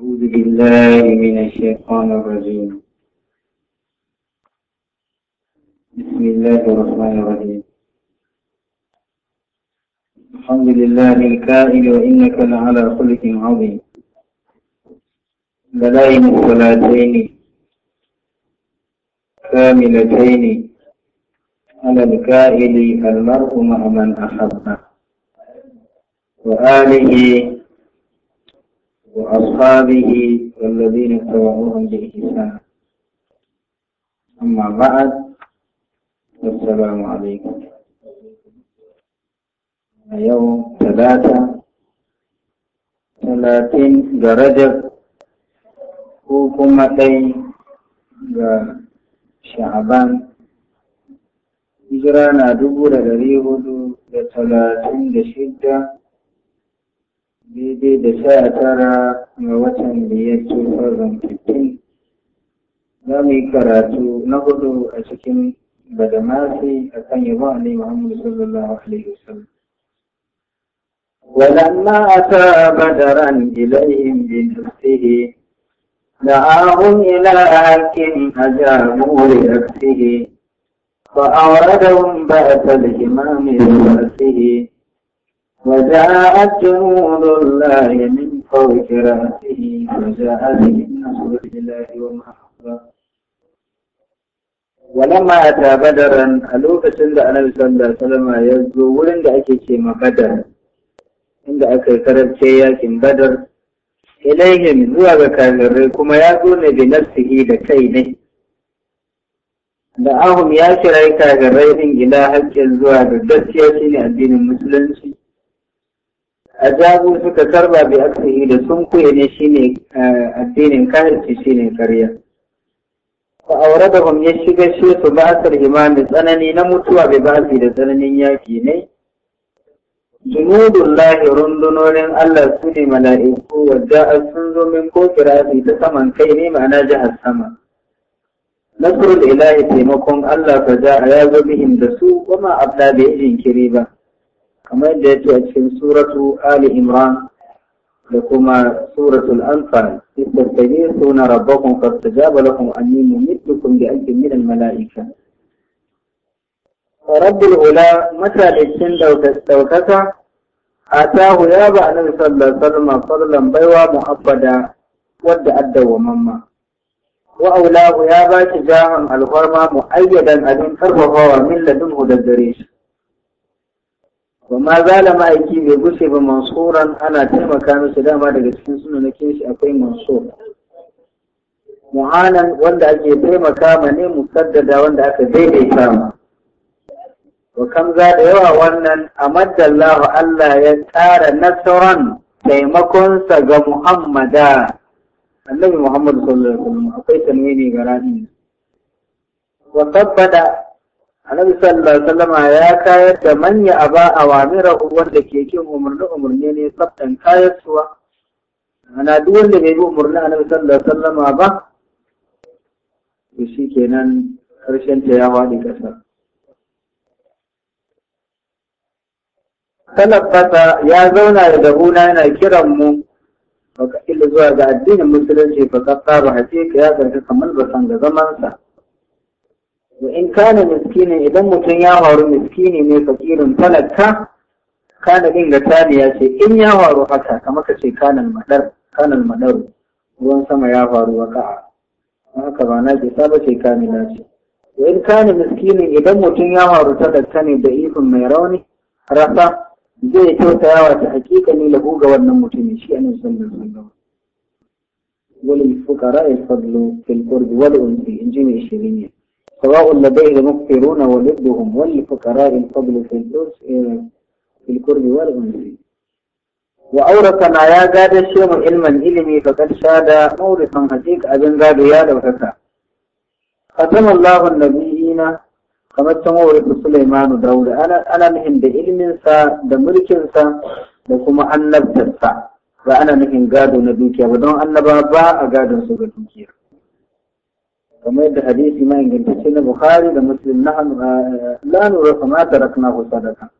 أعوذ بالله من الشيطان الرجيم بسم الله الرحمن الرحيم الحمد لله الكائن وإنك لعلى خلق عظيم بلائم الصلاتين كاملتين على الكائن المرء مع من أحبه وآله وأصحابه والذين اتبعوهم بإحسان أما بعد والسلام عليكم يوم ثلاثة ثلاثين درجة وكما تي شعبان hijira na dubu da dari daidai da sha tara ga watan biyar 2015 za mu yi karatu na hudu a cikin badamasi a kan yabo alai muhammadu sallallahu alaihi wasallam ولما أتى بدرا إليهم بنفسه دعاهم إلى أكل أجابوا لنفسه فأوردهم بأس الهمام برأسه وجاءت جنود الله من فوق رأسه وجاء بهم نصر الله وما ولما أتى بدرا ألوك سند صلى الله عليه وسلم بدر عند أكي كرب بدر ilaihim zuwa ga kafirai kuma ya zo ne bi da kai ne da ahum ya kira kafirai din gida haƙƙin zuwa da gaskiya shine addinin musulunci ajabu suka karba bi aksihi da sun kuye ne shine eh, addinin kahirci shine karya fa auradahum ya shiga shi su ba'asar imanin tsanani na mutuwa bai ba'asi da tsananin yaki ne lahi rundunonin Allah su ne mala'iku wadda sun zo min ko ta saman kai ne ma'ana jihar sama da ilahi taimakon Allah fa za ya yazo bihin da su kuma abda bai jinkiri ba كما يدعيت في سورة آل عمران لكما سورة الأنفال استرتجيتون ربكم فاستجاب لكم أني ممدكم بألف من الملائكة ورب الأولى متى لسن لو تستوكتا آتاه يا النبي صلى الله عليه وسلم فضلا بيوا محبدا ودع الدو مما وأولاه يا باشجاها الغرمى مؤيدا أذن فرغها من لدنه دزريش wa ma zala ma'aiki bai gushe ba mansuran ana taimaka masa dama daga cikin na kinshi akwai mansur muhanan wanda ake taimaka ma ne musaddada wanda aka daidaita ma wa za da yawa wannan a maddallahu Allah ya tsara nasaran taimakonsa ga muhammada annabi muhammadu sallallahu alaihi wasallam akwai tanwini ga rani wa tabbata annabi sallallahu alaihi wasallama ya kayar da manya aba awamira wanda ke kin umurni umurni ne tsaftan kayar suwa ana duk wanda bai bi umurni annabi sallallahu alaihi wasallama ba to shi kenan karshen ta ya wadi kasa talabbata ya zauna da dabuna yana kiran mu baka illa zuwa ga addinin musulunci fa kasaru ka ya zarga kamar basan ga zamansa wa in kane miskini idan mutum ya faru miskini ne fakirin talaka kana din ga taliya ce in ya faru haka kamar ka ce kanan madar ruwan sama ya faru waka haka ba na kisa ba ce kamila ce wa in kana miskini idan mutum ya faru talaka ne da ifin mai rauni rasa zai kyautayawa ta hakika ne lahu ga wannan mutumin shi annabi sallallahu alaihi wasallam وللفقراء الفضل في القرب والأنثى إن جمع شرينيه سواء لديه المغفرون ولدهم والفكراء قبل في الدرس إيه، في الكرد والغنزي وأورثنا يا قاد الشيخ علما علمي فقد شاد مورثا حقيق أبن قاد يا لوحكا ختم الله النبيين كما تمورث سليمان داود أنا أنا نهن بعلم سا دمرك سا وكما أن نبت سا وأنا نهن قاد نبيك ودون أن بابا أقاد kamar da hadisi ma ingantacce na Bukhari da Muslim na eh, la nura ma taraknahu sadaka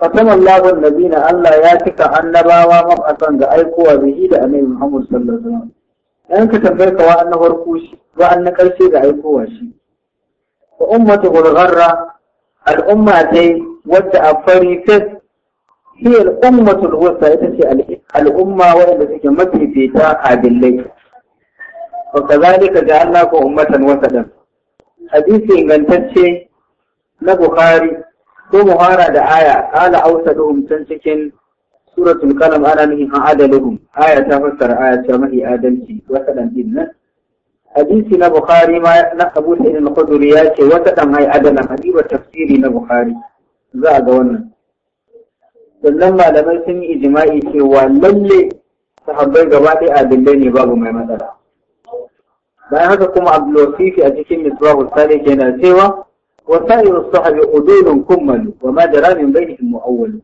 fatam Allahu Nabina Allah ya cika annabawa mafasan ga aikowa bihi da annabi Muhammad sallallahu alaihi wasallam dan ka tambaye ka wa annabar ku shi wa anna karshe da aikowa shi wa ummatu gurgharra al'umma dai wadda a fari fes hiya al'ummatu al-wusta ita ce al'umma wadda take mafifita a billai wa kazalika ja'alnakum ummatan wasatan hadisi ingantacce na bukhari ko muhara da aya Hausa awsaduhum can cikin suratul qalam ana nihi adaluhum aya ta fassara aya ta mahi adalci wasadan din nan hadisi na bukhari ma na abu sa'id al-khudri ya ce wasadan ai adalan hadiba tafsiri na bukhari za a ga wannan sannan malamai sun yi ijma'i cewa lalle sahabbai gaba ɗaya adillai ne babu mai matsala bayan haka kuma abdulwafifi a cikin misbahu salih yana cewa wa sa'iru sahabi udulun kummalu wa ma jara min bainihim mu'awwalu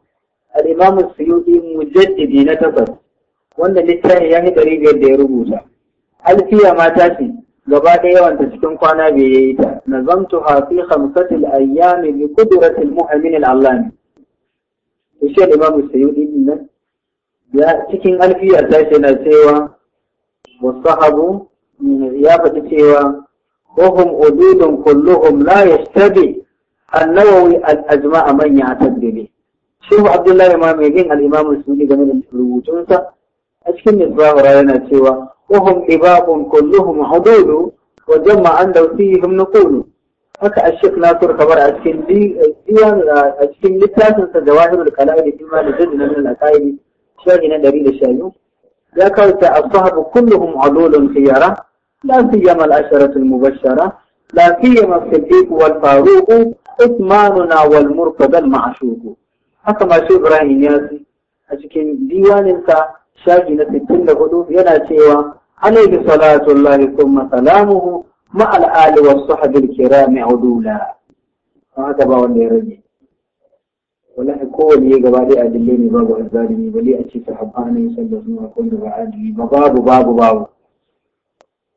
al-imam as-suyuti mujaddidi na takwas wanda littafin ya yi dari biyar da ya rubuta alfiya mata ce gaba da yawan ta cikin kwana bai yayi ta nazamtu ha fi khamsati al-ayyam bi qudrati al-mu'min al-allami shi al-imam as-suyuti nan ya cikin alfiya ta ce na cewa wasahabu ya faɗi cewa wahum ududun kulluhum la yashtabi annawawi al-ajma'a man ya'tabi Shehu Abdullahi ma mai bin al-Imam Sunni game da rubutunsa a cikin Misbah na cewa wahum ibabun kulluhum hududu wa jama'a an dawsihim Kulu. haka Ashik Nasir kamar a cikin diwan a cikin littafin sa Jawahirul da Imam Jaddi na Ibn al-Qayyim shahi na 112 ya kawo ta ashabu kulluhum ududun لا سيما الأشرة المبشرة لا سيما الصديق والفاروق إثماننا والمرتضى المعشوق حكما شو إبراهيم ياسي أشكين ديوان انت شاكي نتبين لغدو ينا شيوا عليه صلاة الله ثم سلامه مع الآل والصحب الكرام عدولا هذا ما ولي رجي ولحي قوة لي قبالي أدليني بابو أزاليني ولي أشي سبحانه يسلسنا كل بعد بابو بابو بابو, بابو.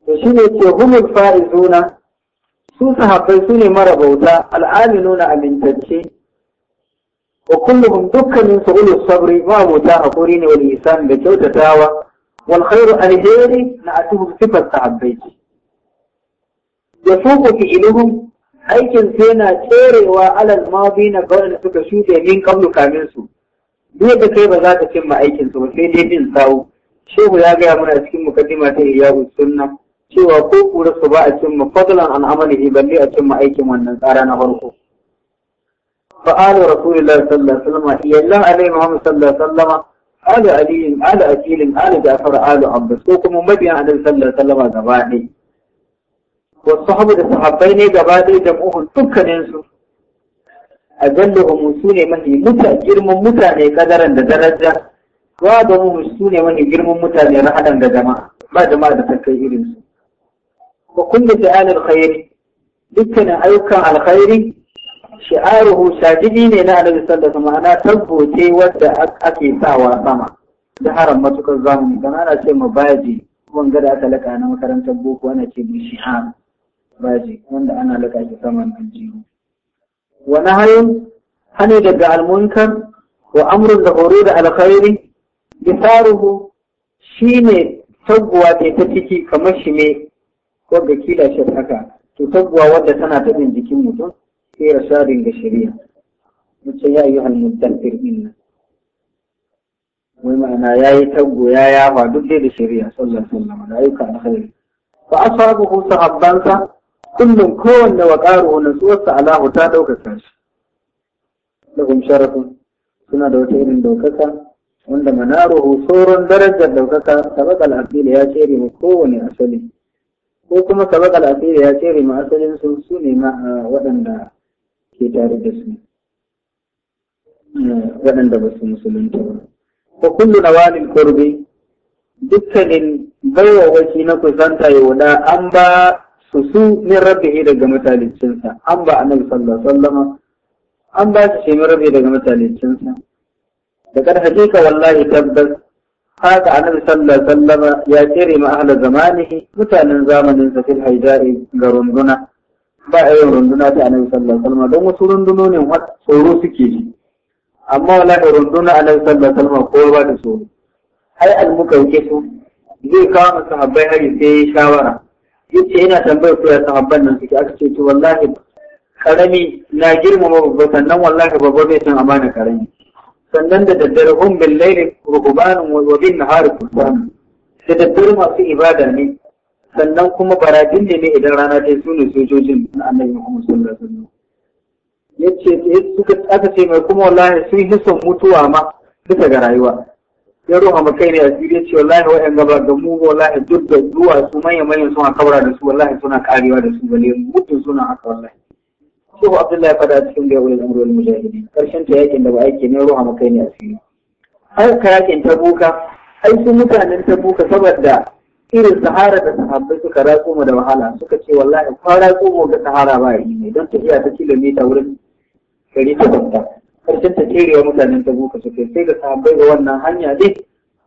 to shi ne ke humul fa'izuna su sahabbai su ne marabauta na amintacce wa kullum dukkanin su ulus sabri ma mota hakuri ne wani isan da kyautatawa wal khairu alheri na atuhum sifar sahabbai ce da ku fi iluhum aikin su yana tserewa alal madi na da suka shuɗe min kamlu kamin su duk da kai ba za ka cimma aikinsu ba sai dai bin sawu shehu ya gaya mana cikin mukaddima ta iyawu sunna cewa ko su ba a cimma fadlan an amalihi balle a cimma aikin wannan tsara na farko Fa'ala Rasulullah sallallahu alaihi wasallam iyallan alaihi muhammad sallallahu alaihi Ali alu aliyin alu akilin alu jafar alu abbas ko kuma mabiya annabi sallallahu alaihi sallam gaba ɗaya wasu sahabu da sahabbai ne gaba ɗaya dukkanin dukkaninsu a jalluhum su ne mafi girman mutane kadaran da daraja wa da mu su ne mafi girman mutane rahadan da jama'a ba jama'a da ta kai su. wa kullu fi'alil khairi dukkanin ayyukan alkhairi shi'aruhu shajidi ne na annabi sallallahu alaihi ma'ana tabboce wadda ake sawa sama da haram matukar zamani dan ana ce ma baji wanga da aka laka na makarantar boko ana ce mu shi'ar baji wanda ana laka shi saman aljihu wa nahayun hani daga almunkar wa amrun da horo da alkhairi bisaruhu shine tabbuwa ta ciki kamar shi ne wadda kila shi haka to taguwa wadda tana bin jikin mutum sai rasadin da shari'a mutum ya yi halmuddatir inna wai ma'ana ya yi taggo ya yawa duk dai da shari'a sallallahu alaihi wasallam da ayyuka na khairi fa ashabuhu sahabbansa kullum kowanne wa qaruhu nasuwarsa alahu ta daukaka shi lahum sharafun suna da wata irin daukaka wanda manaruhu sauran darajar daukaka sabaqal asili ya tsere mu kowane asali ko kuma sabaka al'asiri ya ce ma asalin su su ne ma waɗanda ke tare da su eh, waɗanda ba su musulunta ba ko kullu wani qurbi dukkanin baiwa baiwawaki na kusanta ya wada an ba su su min rabbihi daga mutalicinsa an ba a nabi alaihi wasallama an ba shi min rabbi daga mutalicinsa. da kar hakika wallahi tabbas haka annabi sallallahu alaihi sallama ya cire ma ahla zamanihi mutanen zamanin sa fil haidari ga runduna ba a yin runduna ta annabi sallallahu alaihi sallama don wasu rundunonin tsoro suke ji amma wala da runduna annabi sallallahu alaihi sallama kowa ba da tsoro ai yake su zai kawo mu sahabbai hari sai ya shawara yace ina tambayar ko ya sahabban nan suke aka ce to wallahi karami na girmama babba sannan wallahi babba bai san amana karami sannan da daddare hun bin laili ruhubanin na bin nahari kusan da daddare masu ibada ne sannan kuma barajin ne idan rana ta su ne sojojin na annabi Muhammad sallallahu alaihi wasallam yadda eh, suka tsaka ce mai kuma wallahi sun yi son mutuwa ma duka ga rayuwa ya roha makai kai ne asiri ce wallahi wa'yan gaba ga mu wallahi duk da zuwa su manya manyan suna kabra da su wallahi suna karewa da su bale mutum suna haka wallahi Abdullah ya fada cikin gaiwa da zamurwar mujahidi karshen ta yakin da ba aiki ne ruwa makai ne a asiri. yakin ta buka ai su mutanen buka saboda irin sahara da sahabbai suka ratso mu da wahala suka ce wallahi ka ratso mu ga sahara ba yi ne don tafiya ta kilomita wurin gari ta banta. Ƙarshen ta cerewa mutanen tabuka suke sai da sahabbai ga wannan hanya ne?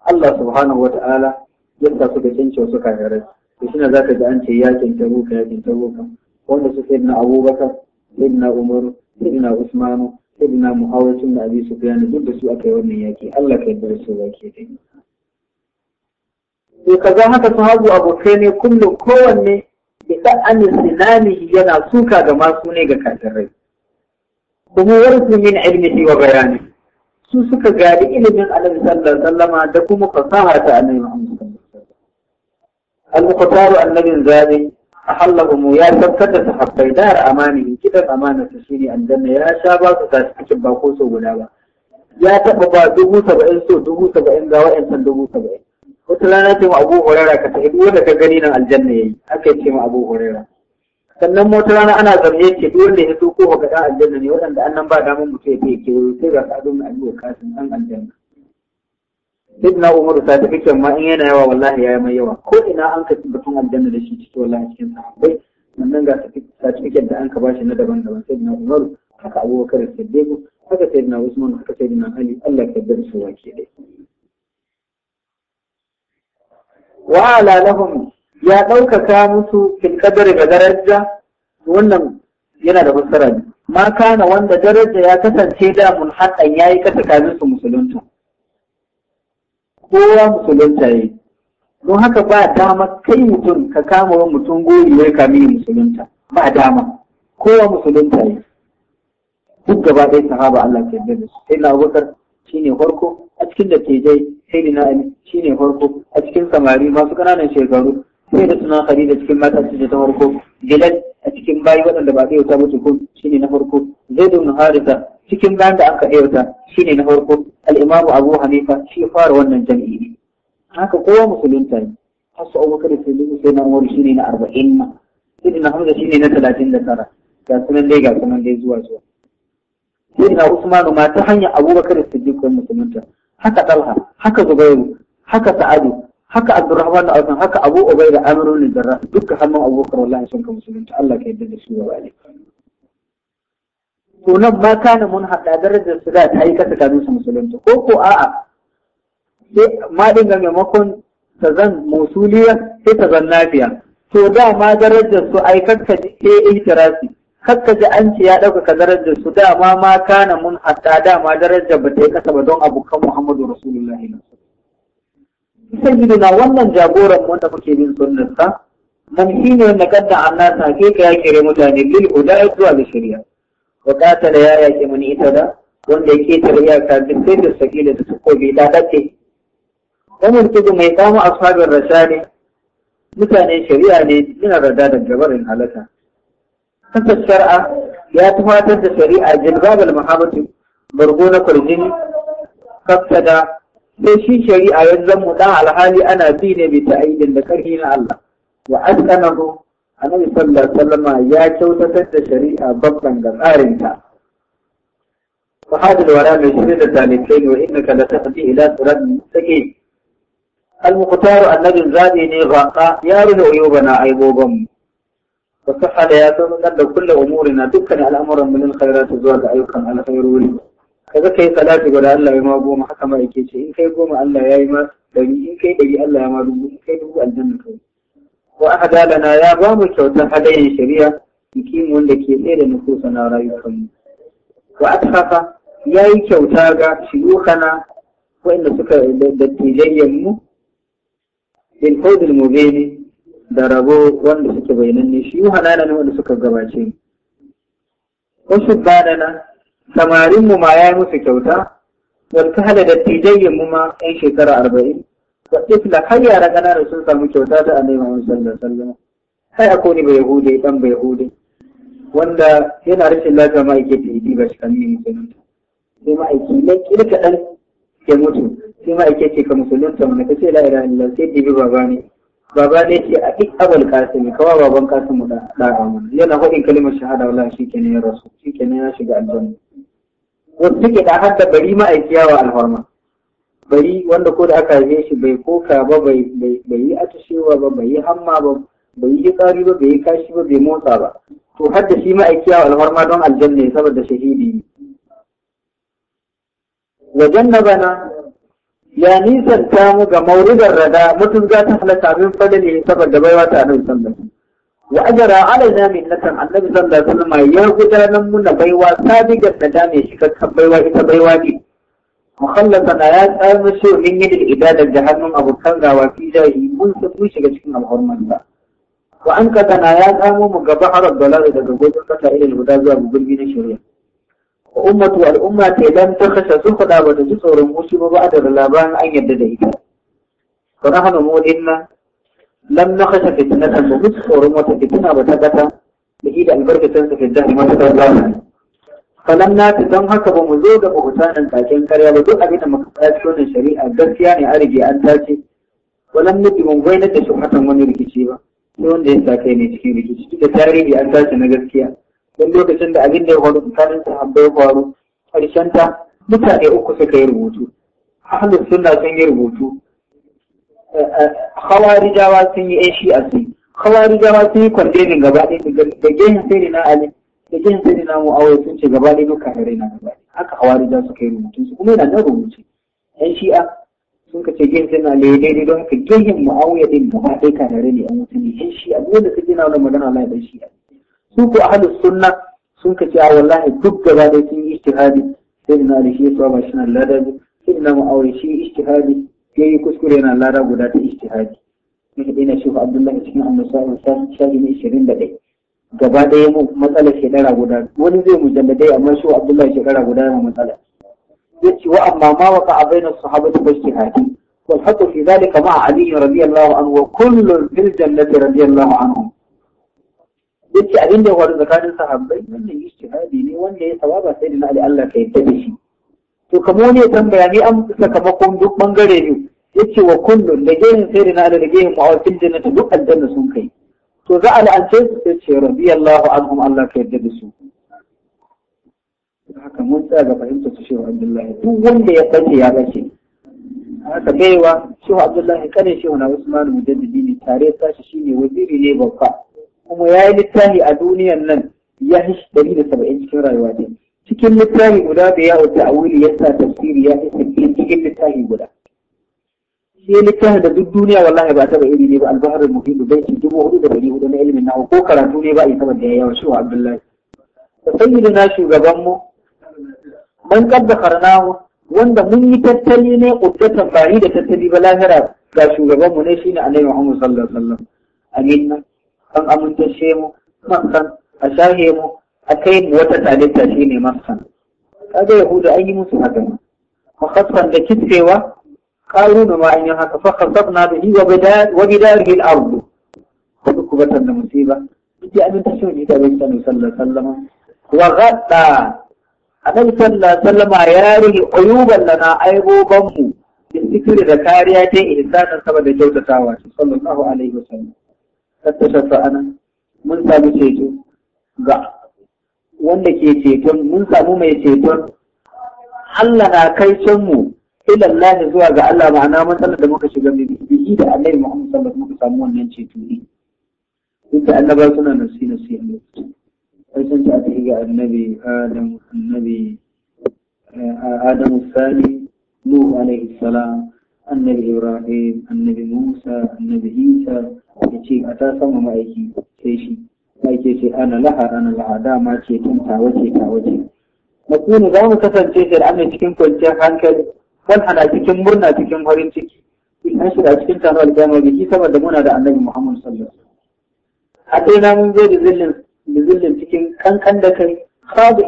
Allah subhanahu wa ta'ala ya sa suka cince wasu kafirai. shi ne za ka ji an ce yakin ta buka yakin buka. wanda su sai na abubakar ibna umar ibna usmanu ibna muawiyatun da abi sufyan duk da su aka yi wannan yaki Allah ka kai da su baki dai to kaza haka sahabu abokai ne kullum kowanne da da'anin sinanihi yana suka ga masu ne ga kafirai kuma warsu ilimi ilmihi wa bayani su suka gari ilimin annabi sallallahu da kuma fasaha ta annabi Muhammad sallallahu alaihi wasallam al annabin zabi ahallahum ya tabbatar da sahabbai dar amani kidan amana su shine aljanna ya sha ba su cikin ba ko so guda ba ya taba ba dubu saba'in so dubu saba'in ga wa'ancan dubu saba'in wata rana ce abu horera ka tafi duk wanda ka gani nan aljanna yayi aka ce ma abu horera sannan wata rana ana zarge ce duk wanda ya so ko ga dan aljanna ne waɗanda annan ba damun mutum ya ke sai ga sa'adun abu kasin ɗan aljanna na umaru certification ma in yana yawa wallahi ya yi mai yawa ko ina an ka batun aljanna da shi cikin wallahi cikin sahabbai wannan ga certificate da an ka bashi na daban-daban na umaru haka abubakar siddiq haka na usman haka na ali Allah ya kaddara su wake dai wa ala lahum ya ɗaukaka musu fil qadari ga daraja wannan yana da fassara ma kana wanda daraja ya kasance da mun ya yayi kasa kamin su musulunta Kowa ya musulunta yi don haka ba dama kai mutum ka kama wa mutum gori ya kami musulunta ba dama kowa musulunta yi duk gaba ɗaya sahaba Allah ke yarda su sai na Abubakar ne farko a cikin da tejai sai ni na Ali ne farko a cikin samari masu ƙananan shekaru sai da suna da cikin mata su ta farko gidan a cikin bayi waɗanda ba ɗaya ta mutu kun ne na farko da ibn harita cikin bayan da aka ɗauka shine na farko al'imamu abu hanifa shi fara wannan jami'i ne haka kowa musulunta ne har su abubakar da sai sai na shi shine na arba'in ma sai na hamza shine na talatin da tara ga sunan dai ga sunan dai zuwa zuwa sai na usmanu ma ta hanyar abubakar da siddiq wani musulunta haka talha haka zubairu haka sa'adu haka abdurrahman da alkan haka abu ubaida amiru ne da duka hannun abubakar wallahi sun ka musulunta Allah ka yadda da su ba ne to nan ma kana mun haɗa darajar su da ta yi kasa kanu su musulunta ko ko a'a sai ma dinga maimakon ta zan musuliya sai ta zan nafiya to da ma darajar su ai kakka ji ke eh, ihtirasi kakka ji an ce ya ɗaukaka darajar su da ma ma kana mun haɗa da ma darajar ba ta yi kasa ba don abokan Muhammadu Rasulullahi sayyidina wannan jagoran mu da muke bin sunnarsa mun ne wanda kadda Allah ta ke ya kere mutane bil ya zuwa ga shirya bukatar ya yake mani ita da wanda ya ƙetare iyaka duk sai da saki da takobi da dace wa murtudu mai kama ashabin ne. mutane shari'a ne yana rada da gabarin halaka Kasa shar'a ya tufatar da shari'a jilbabal muhammadu bargo na kwarjini kafta da sai shi shari'a yanzu, mu dan alhali ana bi ne bi ta'idin da karhi na Allah wa askanahu annabi sallallahu sallama ya kyautatar da shari'a babban ga tsarinta. Fahadul wara mai shirya da zalikai ne wa inna ka lasa fi ila tsirar sake. Al-Muqtar annabin zaɓi ne ba ya rufe wayo bana na aibogon mu. Ba ta hada ya san nan da kulle umuri na dukkan al'amuran mulin khairatu zuwa ga ayyukan alkhairuri. Kaga kai salati guda Allah ya ma goma haka ma yake ce in kai goma Allah ya yi ma dari in kai dari Allah ya ma dubu in kai dubu aljanna kai. aka ahada lana ya ba mu kyautar hadayen shari'a jikin wanda ke tsaye da nufusa na mu. wa athafa ya yi kyauta ga shiyukana wa'inda suka da tijayyanmu bil qawl mubin da rabo wanda suke bayananne shiyuhana ne wanda suka gabace mu wasu banana samarin mu ma ya yi musu kyauta wal kahala da mu ma 'yan shekara arba'in ga ɗifla har yara ƙananan sun samu kyauta ta annabi Muhammad sallallahu alaihi wasallam kai akwai ni bai hude dan bai hude wanda yana rashin lafiya ma ma'aike ta idi ba shi kamin musulunta sai ma ma'aike na kila kaɗan ke mutu sai ma aiki ce ka musulunta mana ka ce la'ira illa sai dibi baba ne baba ne ce a duk abal kasim kawa baban kasim da da'a mana yana faɗin kalimar shahada wala shi kenan ya rasu shi kenan ya shiga aljanna wasu suke da hadda bari ma'aikiya wa alfarma bari wanda ko da aka haife shi bai koka ba bai yi atishewa ba bai yi hamma ba bai yi tsari ba bai yi kashi ba bai motsa ba to har da shi ma'aikiya alfarma don aljanna saboda shahidi wajen na bana ya ta mu ga mauridar rada mutum za ta halaka min ne saboda baiwa ta annabi sallallahu alaihi wa ajara ala zamin latan annabi sallallahu alaihi wasallam ya gudanar muna baiwa sabigar da shi shikakkan baiwa ita baiwa ne mukhallatan ya tsarmi so min yi ida daga jahannun abokan gawa fi jahi mun tafi shiga cikin alhorman ba wa an katana ya tsamo mu gaba harar dalari daga gudun kasa irin guda zuwa gugulmi na shari'a wa ummatu al'umma ta idan ta kashe sun faɗa ba ta ji tsoron musu ba ba da labarin an yarda da ita fa nahnu mu'minna lam nakhsha fitnatan ba mu tsoron wata fitina ba ta gata da ida albarkatan sa fi jahannama ta dalala falan na ta don haka ba mu zo ga mahutanin kakin karya ba duk abin da muka faɗa cikin wannan shari'a gaskiya ne an rige an tace walan nufi mun gwainar da shubhatan wani rikici ba ne wanda ya sake kai ne cikin rikici duk da tarihi an tace na gaskiya don lokacin da abin da ya faru tsakanin sahabbai ya faru ƙarshen ta mutane uku suka yi rubutu ahlus sunna sun yi rubutu khawarijawa sun yi shi a sun yi khawarijawa sun yi kwandemin gaba ɗaya da gehen sai na ali da kin sai na mu awo sun ce gaba ɗaya duka da na gaba haka su suka yi rubutun su kuma yana nan rubuce yan shi'a sun ka ce sai na le daidai don haka gehen mu din gaba ɗaya ka ne a mutane. yan shi'a dole ka gina wannan magana Allah ya dan shi'a su ko ahlus sunna sun ka ce a wallahi duk gaba ɗaya sun yi ijtihadi sai na da shi ya saba shi na lada sai na mu aure shi ijtihadi yayi kuskure na lada guda ta ijtihadi ne da na shehu abdullahi cikin annabawa sai shafi na 21 gaba ɗaya mu matsalar shekara guda wani zai mujalladai amma shi abdullahi shekara guda yana matsala ya ce wa amma ma waka a bainar sahabatu bashi hadi wal haqqu fi zalika ma'a ali radiyallahu anhu wa kullun fil jannati radiyallahu anhu ya ce abin da ya faru tsakanin sahabbai wannan ijtihadi ne wanda ya sawaba sai da ali Allah ka yadda da shi to kamar wani ya tambaya ni an sakamakon duk bangare ne ya ce wa kullun da gehen sai da ali da gehen ma'awar fil jannati duk aljanna sun kai to za a la'ance su sai ce radiyallahu anhum Allah ka yarda da su haka mun tsaya ga fahimtar su shehu abdullahi duk wanda ya bace ya bace haka gaiwa, shehu abdullahi kare shehu na usman mujaddidi ne tare sashi shine waziri ne babba kuma ya yi littafi a duniyan nan ya yi dari da saba'in cikin rayuwa ne cikin littafi guda da ya wuce a wuri ya sa tafsiri ya hishi cikin littafi guda shi littafin da duk duniya wallahi ba taba iri ne ba albaharul muhim bai ci dubu hudu da dari hudu na ilimin nawa ko karatu ne ba a yi saboda ya yawa shi wa abdullahi da sayyidu na shugaban mu man kabba karnahu wanda mun yi tattali ne uddatan ba da tattali ba lahira ga shugaban mu ne shine annabi muhammad sallallahu alaihi wasallam amin an amintashe mu masan a shahe mu a kai mu wata talitta shine masan kaga yahudu an yi musu magana wa da kitsewa karuna ma an yi haka fa khasabna bihi wa bidarihi al-ard wa da musiba duk abin ta shi da bai sanu sallallahu alaihi wasallam wa ghadda annabi sallallahu alaihi wasallam ya rige uyuban lana aiboban mu da zikiri da kariya ta ihsanan saboda kyautatawa sallallahu alaihi ceto wanda ke ceton mun samu mai ceton Allah na kai mu ila Allah zuwa ga Allah ma'ana matsalar da muka shiga mai bihi da Annabi Muhammad sallallahu alaihi muka samu wannan ceto ne duk da annaba suna nasi nasi a lokacin sai sun ta ta ga Annabi Adam Annabi Adam Sani Nuh alaihi salam Annabi Ibrahim Annabi Musa Annabi Isa ya ce a ta sama ma'aiki sai shi ma'aiki ce ana laha ana laha dama ce tun tawace tawace. Makuni za mu kasance shi da cikin kwanciyar hankali wani ana cikin murna cikin farin ciki an shiga cikin taron alƙiyama biki saboda muna da annabi Muhammad sallallahu alaihi wasallam a mun zo da zillin da zillin cikin kankan da kai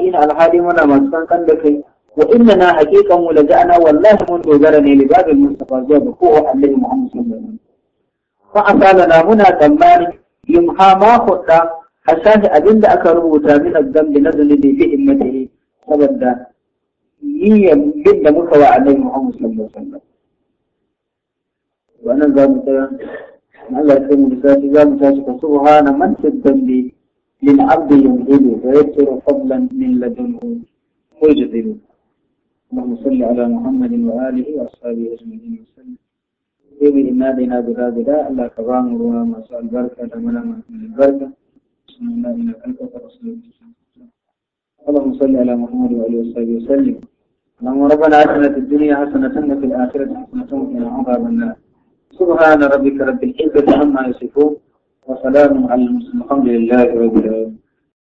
ina alhali muna masu kankan da kai wa inna na haqiqan mu ana wallahi mun dogara ne libabin mustafa zuwa ga kowa annabi Muhammad sallallahu alaihi wasallam fa asalana muna tsammanin yumha ma hudda a shahi abinda aka rubuta min azzambi na zunubi fi himmatihi saboda هي جدا مستوى عليه محمد صلى الله عليه وسلم وانا قال مثلا الله يكرم المساجد قال المساجد سبحان من في الذنب من عبد يمهل فيكثر فضلا من لدنه ويجذب اللهم صل على محمد واله واصحابه اجمعين وسلم يبي ان نادينا بلا بلا الله كرام ورونا ما شاء البركه تمنى ما من البركه بسم الله انك انت الرسول اللهم صل على محمد واله وصحبه وسلم اللهم نعم، ربنا آتنا في الدنيا حسنة وفي الآخرة حسنة وقنا عذاب النار سبحان ربك رب العزة عما يصفون وسلام على المسلمين الحمد لله رب العالمين